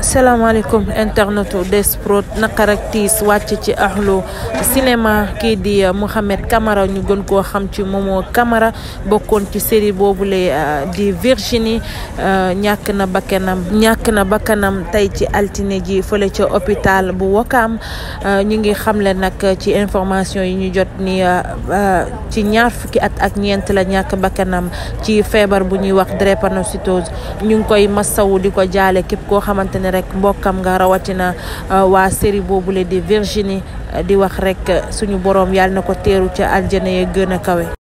salaamaaleykum internetu des Prod naqar wàcc ci axlu cinéma kii di euh, Mouhamed Camara ñu gën koo xam ci Momo Camara bokkoon ci série boobule euh, di Virginie euh, ñàkk na bakkanam ñàkk na bakkanam tey ci altine ji fële ci hôpital bu Wakaam ñu ngi xamle nag ci information yi ñu jot ni ci ñaar fukki at ak ñeent la ñàkk bakkanam ci feebar bu ñuy wax drépanocytose ñu ngi koy massawu di ko jaale képp koo xamante ne ne rek mbokkam nga rawatina uh, waa série boobule di Virginie uh, di wax rek uh, suñu borom yàlla na ko teeru ca aljana ya gën a kawe